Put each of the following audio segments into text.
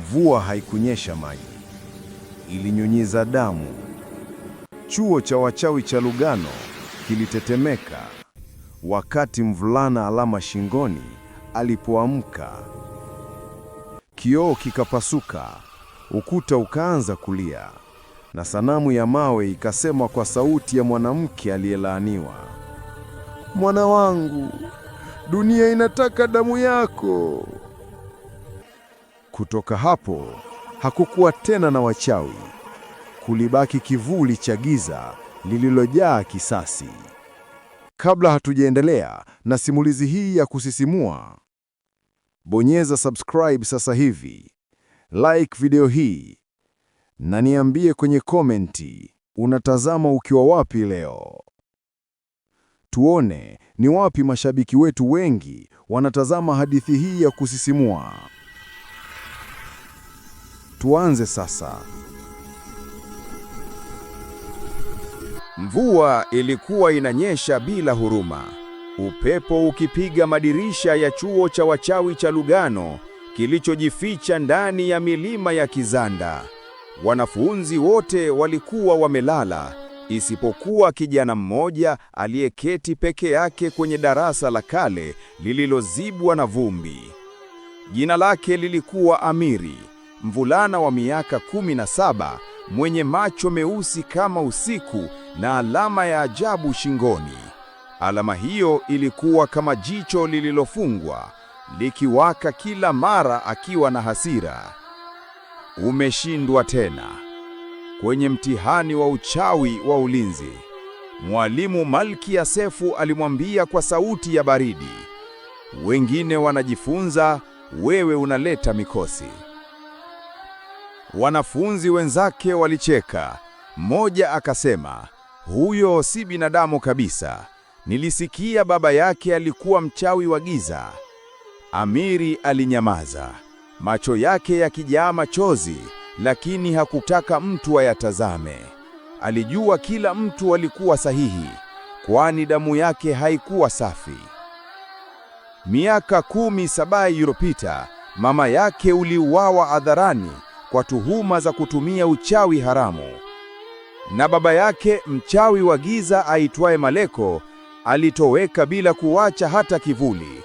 Mvua haikunyesha maji, ilinyunyiza damu. Chuo cha wachawi cha Lugano kilitetemeka wakati mvulana alama shingoni alipoamka. Kioo kikapasuka, ukuta ukaanza kulia, na sanamu ya mawe ikasema kwa sauti ya mwanamke aliyelaaniwa, mwana wangu, dunia inataka damu yako. Kutoka hapo hakukuwa tena na wachawi, kulibaki kivuli cha giza lililojaa kisasi. Kabla hatujaendelea na simulizi hii ya kusisimua, bonyeza subscribe sasa hivi, like video hii na niambie kwenye komenti unatazama ukiwa wapi leo. Tuone ni wapi mashabiki wetu wengi wanatazama hadithi hii ya kusisimua tuanze sasa. Mvua ilikuwa inanyesha bila huruma, upepo ukipiga madirisha ya chuo cha wachawi cha Lugano kilichojificha ndani ya milima ya Kizanda. Wanafunzi wote walikuwa wamelala isipokuwa kijana mmoja aliyeketi peke yake kwenye darasa la kale lililozibwa na vumbi. Jina lake lilikuwa Amiri mvulana wa miaka kumi na saba mwenye macho meusi kama usiku na alama ya ajabu shingoni. Alama hiyo ilikuwa kama jicho lililofungwa likiwaka kila mara akiwa na hasira. Umeshindwa tena kwenye mtihani wa uchawi wa ulinzi. Mwalimu ya Sefu alimwambia kwa sauti ya baridi, wengine wanajifunza, wewe unaleta mikosi. Wanafunzi wenzake walicheka. Mmoja akasema, huyo si binadamu kabisa. Nilisikia baba yake alikuwa mchawi wa giza. Amiri alinyamaza, macho yake yakijaa machozi, lakini hakutaka mtu ayatazame. Alijua kila mtu alikuwa sahihi, kwani damu yake haikuwa safi. Miaka kumi Sabai iliyopita, mama yake uliuawa hadharani kwa tuhuma za kutumia uchawi haramu. Na baba yake mchawi wa giza aitwaye Maleko alitoweka bila kuacha hata kivuli.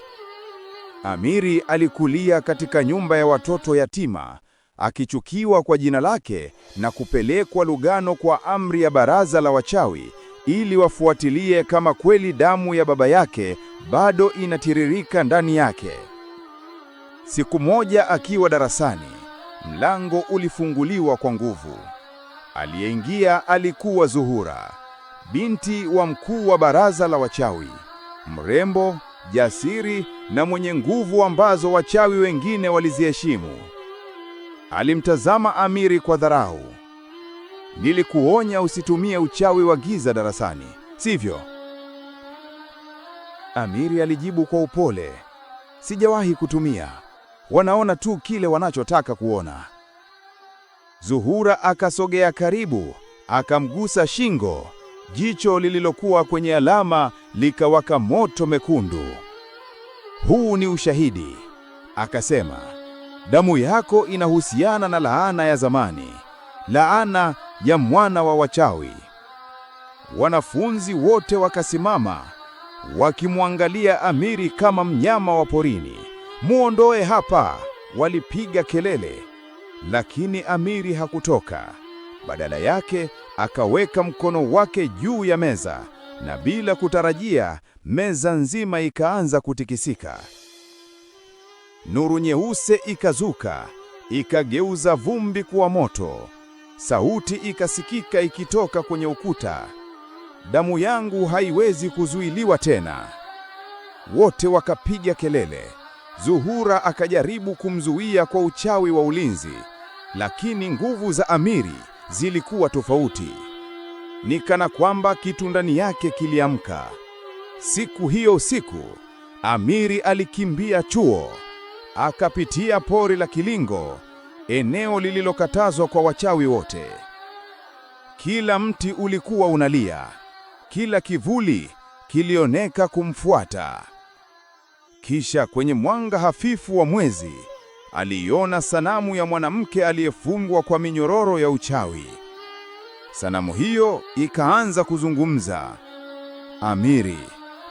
Amiri alikulia katika nyumba ya watoto yatima akichukiwa kwa jina lake na kupelekwa Lugano kwa amri ya baraza la wachawi ili wafuatilie kama kweli damu ya baba yake bado inatiririka ndani yake. Siku moja akiwa darasani, Mlango ulifunguliwa kwa nguvu. Aliyeingia alikuwa Zuhura, binti wa mkuu wa baraza la wachawi, mrembo, jasiri na mwenye nguvu ambazo wachawi wengine waliziheshimu. Alimtazama Amiri kwa dharau. Nilikuonya usitumie uchawi wa giza darasani, sivyo? Amiri alijibu kwa upole, sijawahi kutumia wanaona tu kile wanachotaka kuona. Zuhura akasogea karibu, akamgusa shingo. Jicho lililokuwa kwenye alama likawaka moto mekundu. Huu ni ushahidi, akasema. Damu yako inahusiana na laana ya zamani, laana ya mwana wa wachawi. Wanafunzi wote wakasimama wakimwangalia Amiri kama mnyama wa porini muondoe hapa, walipiga kelele, lakini amiri hakutoka. Badala yake akaweka mkono wake juu ya meza, na bila kutarajia meza nzima ikaanza kutikisika. Nuru nyeuse ikazuka, ikageuza vumbi kuwa moto. Sauti ikasikika ikitoka kwenye ukuta, damu yangu haiwezi kuzuiliwa tena. Wote wakapiga kelele. Zuhura akajaribu kumzuia kwa uchawi wa ulinzi, lakini nguvu za Amiri zilikuwa tofauti. Ni kana kwamba kitu ndani yake kiliamka. Siku hiyo usiku, Amiri alikimbia chuo, akapitia pori la Kilingo, eneo lililokatazwa kwa wachawi wote. Kila mti ulikuwa unalia, kila kivuli kilioneka kumfuata. Kisha kwenye mwanga hafifu wa mwezi aliiona sanamu ya mwanamke aliyefungwa kwa minyororo ya uchawi. Sanamu hiyo ikaanza kuzungumza, Amiri,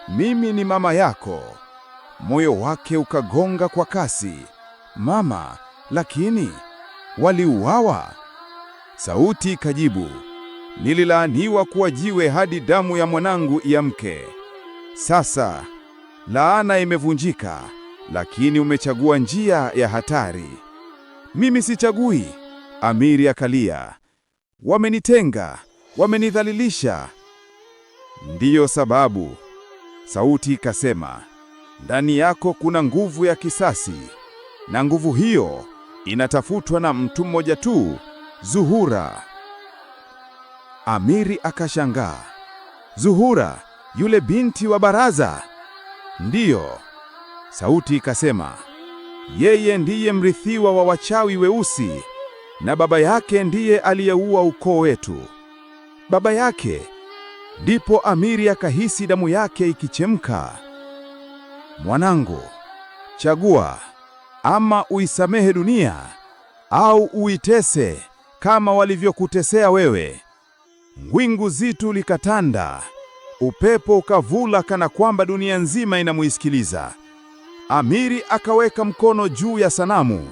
mimi ni mama yako. Moyo wake ukagonga kwa kasi. Mama, lakini waliuawa. Sauti ikajibu, nililaaniwa kuwa jiwe hadi damu ya mwanangu iamke. Sasa laana imevunjika, lakini umechagua njia ya hatari. Mimi sichagui, Amiri akalia. Wamenitenga, wamenidhalilisha. Ndiyo sababu, sauti ikasema, ndani yako kuna nguvu ya kisasi, na nguvu hiyo inatafutwa na mtu mmoja tu, Zuhura. Amiri akashangaa. Zuhura, yule binti wa baraza? Ndiyo, sauti ikasema, yeye ndiye mrithiwa wa wachawi weusi na baba yake ndiye aliyeua ukoo wetu. Baba yake. Ndipo Amiri akahisi damu yake ikichemka. Mwanangu, chagua ama uisamehe dunia au uitese kama walivyokutesea wewe. Wingu zitu likatanda. Upepo ukavula kana kwamba dunia nzima inamuisikiliza. Amiri akaweka mkono juu ya sanamu,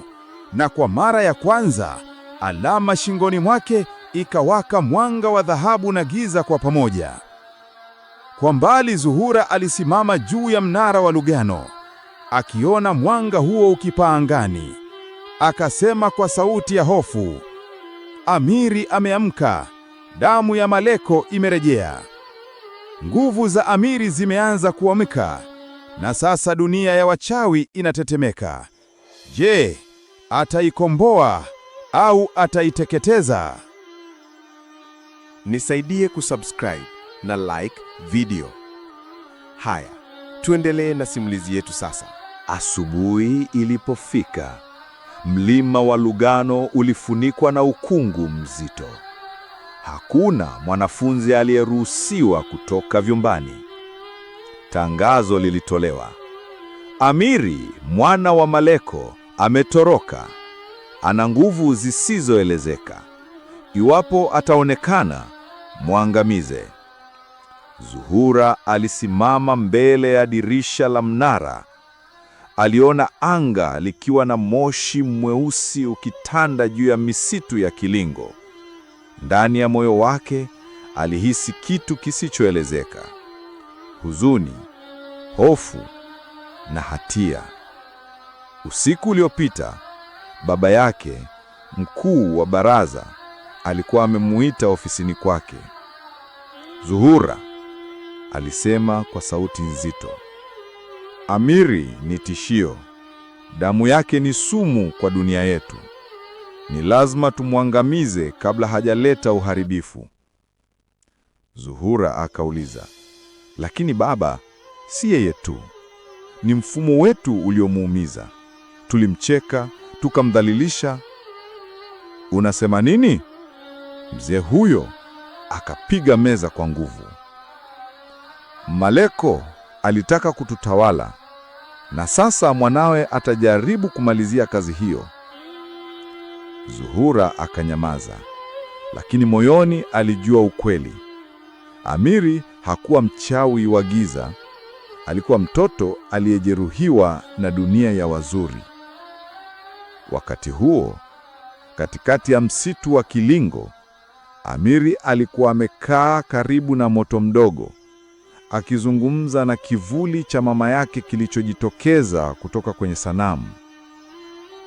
na kwa mara ya kwanza alama shingoni mwake ikawaka mwanga wa dhahabu na giza kwa pamoja. Kwa mbali, Zuhura alisimama juu ya mnara wa Lugano, akiona mwanga huo ukipaa angani. Akasema kwa sauti ya hofu, Amiri ameamka, damu ya Maleko imerejea. Nguvu za amiri zimeanza kuamka na sasa dunia ya wachawi inatetemeka. Je, ataikomboa au ataiteketeza? Nisaidie kusubscribe na like video. Haya, tuendelee na simulizi yetu sasa. Asubuhi ilipofika, mlima wa Lugano ulifunikwa na ukungu mzito hakuna mwanafunzi aliyeruhusiwa kutoka vyumbani. Tangazo lilitolewa, Amiri mwana wa Maleko ametoroka, ana nguvu zisizoelezeka. Iwapo ataonekana, mwangamize. Zuhura alisimama mbele ya dirisha la mnara. Aliona anga likiwa na moshi mweusi ukitanda juu ya misitu ya Kilingo. Ndani ya moyo wake alihisi kitu kisichoelezeka: huzuni, hofu na hatia. Usiku uliopita baba yake, mkuu wa baraza, alikuwa amemuita ofisini kwake. Zuhura, alisema kwa sauti nzito, Amiri ni tishio, damu yake ni sumu kwa dunia yetu. Ni lazima tumwangamize kabla hajaleta uharibifu. Zuhura akauliza, lakini baba, si yeye tu, ni mfumo wetu uliomuumiza. Tulimcheka, tukamdhalilisha. Unasema nini? Mzee huyo akapiga meza kwa nguvu. Maleko alitaka kututawala na sasa mwanawe atajaribu kumalizia kazi hiyo. Zuhura akanyamaza, lakini moyoni alijua ukweli. Amiri hakuwa mchawi wa giza, alikuwa mtoto aliyejeruhiwa na dunia ya wazuri. Wakati huo, katikati ya msitu wa Kilingo, Amiri alikuwa amekaa karibu na moto mdogo, akizungumza na kivuli cha mama yake kilichojitokeza kutoka kwenye sanamu.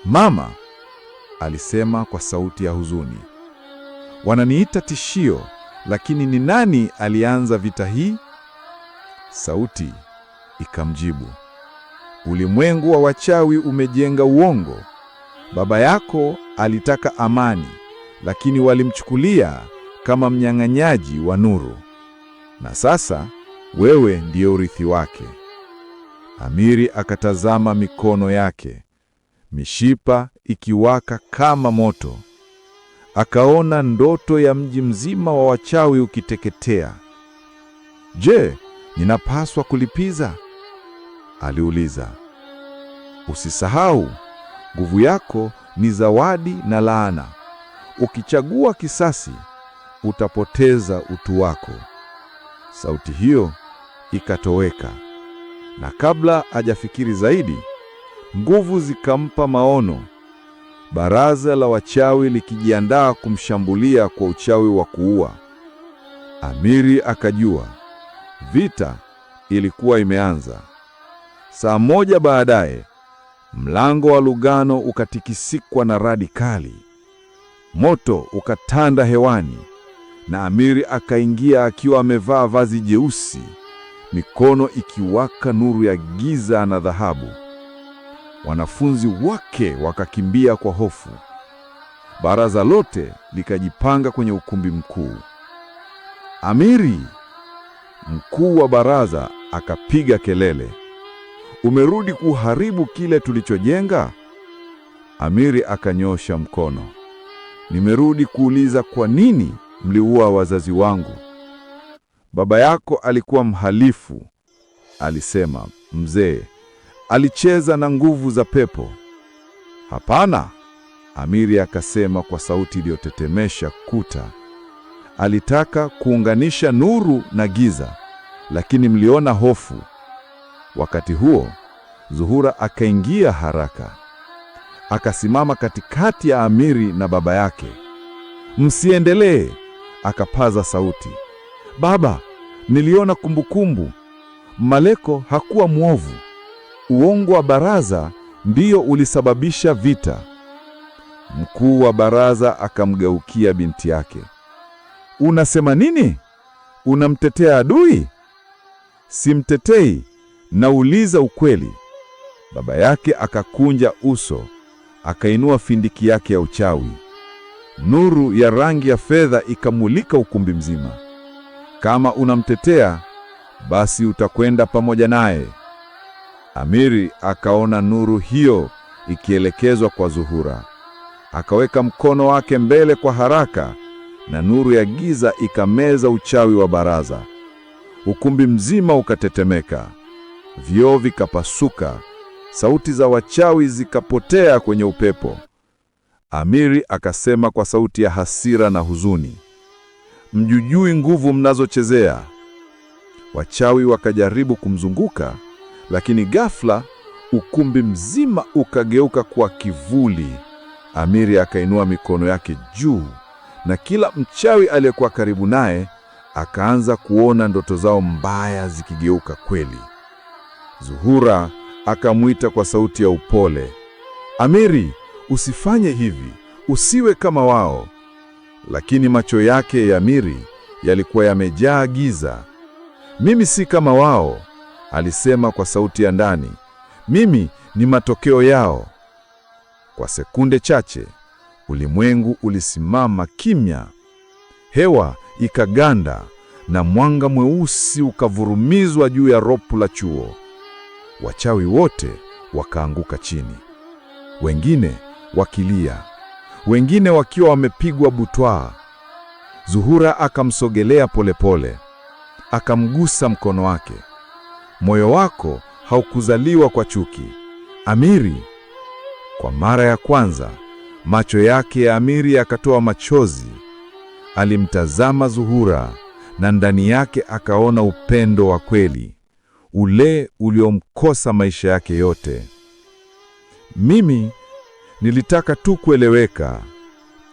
Mama alisema kwa sauti ya huzuni. Wananiita tishio, lakini ni nani alianza vita hii? Sauti ikamjibu, ulimwengu wa wachawi umejenga uongo. Baba yako alitaka amani, lakini walimchukulia kama mnyang'anyaji wa nuru, na sasa wewe ndiyo urithi wake. Amiri akatazama mikono yake, mishipa ikiwaka kama moto. Akaona ndoto ya mji mzima wa wachawi ukiteketea. Je, ninapaswa kulipiza? aliuliza. Usisahau, nguvu yako ni zawadi na laana. Ukichagua kisasi, utapoteza utu wako. Sauti hiyo ikatoweka, na kabla hajafikiri zaidi, nguvu zikampa maono baraza la wachawi likijiandaa kumshambulia kwa uchawi wa kuua. Amiri akajua vita ilikuwa imeanza. Saa moja baadaye, mlango wa Lugano ukatikisikwa na radi kali. Moto ukatanda hewani na Amiri akaingia akiwa amevaa vazi jeusi, mikono ikiwaka nuru ya giza na dhahabu wanafunzi wake wakakimbia kwa hofu. Baraza lote likajipanga kwenye ukumbi mkuu. Amiri, mkuu wa baraza akapiga kelele, umerudi kuharibu kile tulichojenga? Amiri akanyosha mkono, nimerudi kuuliza kwa nini mliua wazazi wangu. Baba yako alikuwa mhalifu, alisema mzee alicheza na nguvu za pepo? Hapana, Amiri akasema kwa sauti iliyotetemesha kuta. Alitaka kuunganisha nuru na giza, lakini mliona hofu. Wakati huo Zuhura akaingia haraka, akasimama katikati ya Amiri na baba yake. Msiendelee, akapaza sauti. Baba, niliona kumbukumbu. Maleko hakuwa mwovu. Uongo wa baraza ndiyo ulisababisha vita. Mkuu wa baraza akamgeukia binti yake. Unasema nini? Unamtetea adui? Simtetei, nauliza ukweli. Baba yake akakunja uso, akainua findiki yake ya uchawi. Nuru ya rangi ya fedha ikamulika ukumbi mzima. Kama unamtetea, basi utakwenda pamoja naye. Amiri akaona nuru hiyo ikielekezwa kwa Zuhura. Akaweka mkono wake mbele kwa haraka na nuru ya giza ikameza uchawi wa baraza. Ukumbi mzima ukatetemeka, vioo vikapasuka, sauti za wachawi zikapotea kwenye upepo. Amiri akasema kwa sauti ya hasira na huzuni, mjujui nguvu mnazochezea. Wachawi wakajaribu kumzunguka lakini ghafla ukumbi mzima ukageuka kwa kivuli. Amiri akainua mikono yake juu na kila mchawi aliyekuwa karibu naye akaanza kuona ndoto zao mbaya zikigeuka kweli. Zuhura akamwita kwa sauti ya upole, Amiri, usifanye hivi, usiwe kama wao. Lakini macho yake ya Amiri yalikuwa yamejaa giza. Mimi si kama wao, alisema kwa sauti ya ndani, mimi ni matokeo yao. Kwa sekunde chache ulimwengu ulisimama kimya, hewa ikaganda na mwanga mweusi ukavurumizwa juu ya ropu la chuo. Wachawi wote wakaanguka chini, wengine wakilia, wengine wakiwa wamepigwa butwaa. Zuhura akamsogelea polepole, akamgusa mkono wake moyo wako haukuzaliwa kwa chuki. Amiri. Kwa mara ya kwanza macho yake ya Amiri yakatoa machozi. Alimtazama Zuhura na ndani yake akaona upendo wa kweli, ule uliomkosa maisha yake yote. Mimi nilitaka tu kueleweka,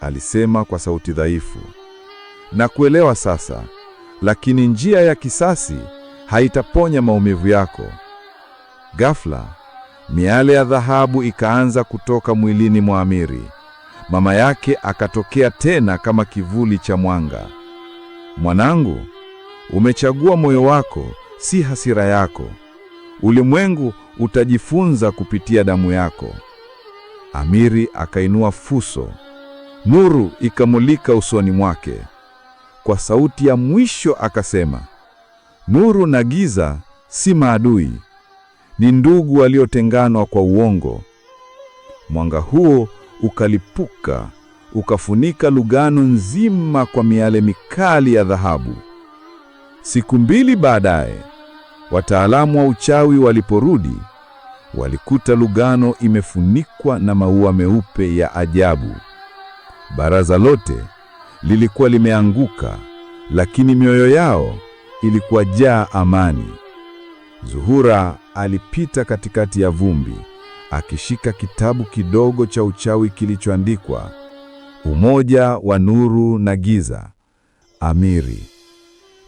alisema kwa sauti dhaifu. na kuelewa sasa, lakini njia ya kisasi haitaponya maumivu yako. Ghafla miale ya dhahabu ikaanza kutoka mwilini mwa Amiri. Mama yake akatokea tena kama kivuli cha mwanga. Mwanangu, umechagua moyo wako, si hasira yako. Ulimwengu utajifunza kupitia damu yako. Amiri akainua fuso, nuru ikamulika usoni mwake. Kwa sauti ya mwisho akasema Nuru na giza si maadui, ni ndugu waliotenganwa kwa uongo. Mwanga huo ukalipuka, ukafunika Lugano nzima kwa miale mikali ya dhahabu. Siku mbili baadaye, wataalamu wa uchawi waliporudi, walikuta Lugano imefunikwa na maua meupe ya ajabu. Baraza lote lilikuwa limeanguka, lakini mioyo yao ilikuwa jaa amani. Zuhura alipita katikati ya vumbi akishika kitabu kidogo cha uchawi kilichoandikwa Umoja wa Nuru na Giza, Amiri.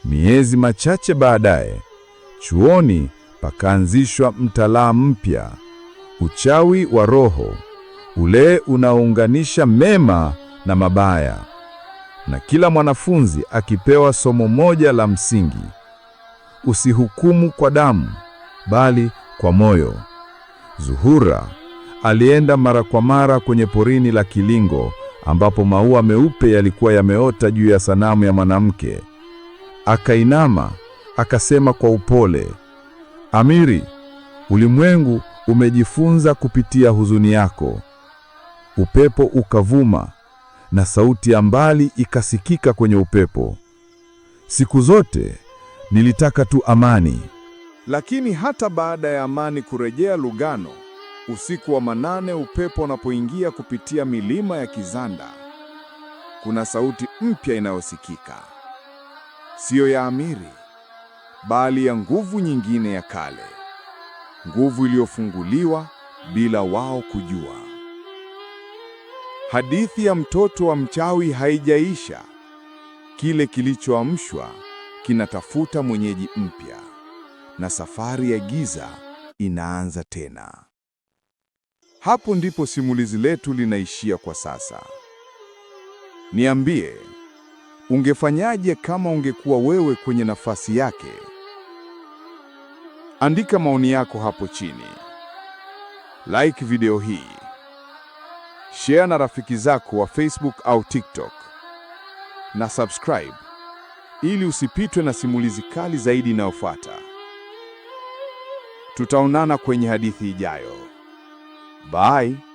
Miezi machache baadaye, chuoni pakaanzishwa mtalaa mpya, uchawi wa roho, ule unaounganisha mema na mabaya na kila mwanafunzi akipewa somo moja la msingi: usihukumu kwa damu, bali kwa moyo. Zuhura alienda mara kwa mara kwenye porini la Kilingo ambapo maua meupe yalikuwa yameota juu ya sanamu ya mwanamke. Akainama akasema kwa upole, Amiri, ulimwengu umejifunza kupitia huzuni yako. Upepo ukavuma na sauti ya mbali ikasikika kwenye upepo. Siku zote nilitaka tu amani. Lakini hata baada ya amani kurejea Lugano, usiku wa manane, upepo unapoingia kupitia milima ya Kizanda, kuna sauti mpya inayosikika, siyo ya amiri, bali ya nguvu nyingine ya kale, nguvu iliyofunguliwa bila wao kujua. Hadithi ya mtoto wa mchawi haijaisha. Kile kilichoamshwa kinatafuta mwenyeji mpya, na safari ya giza inaanza tena. Hapo ndipo simulizi letu linaishia kwa sasa. Niambie, ungefanyaje kama ungekuwa wewe kwenye nafasi yake? Andika maoni yako hapo chini. Like video hii share na rafiki zako wa Facebook au TikTok na subscribe ili usipitwe na simulizi kali zaidi inayofuata. Tutaonana kwenye hadithi ijayo. Bye.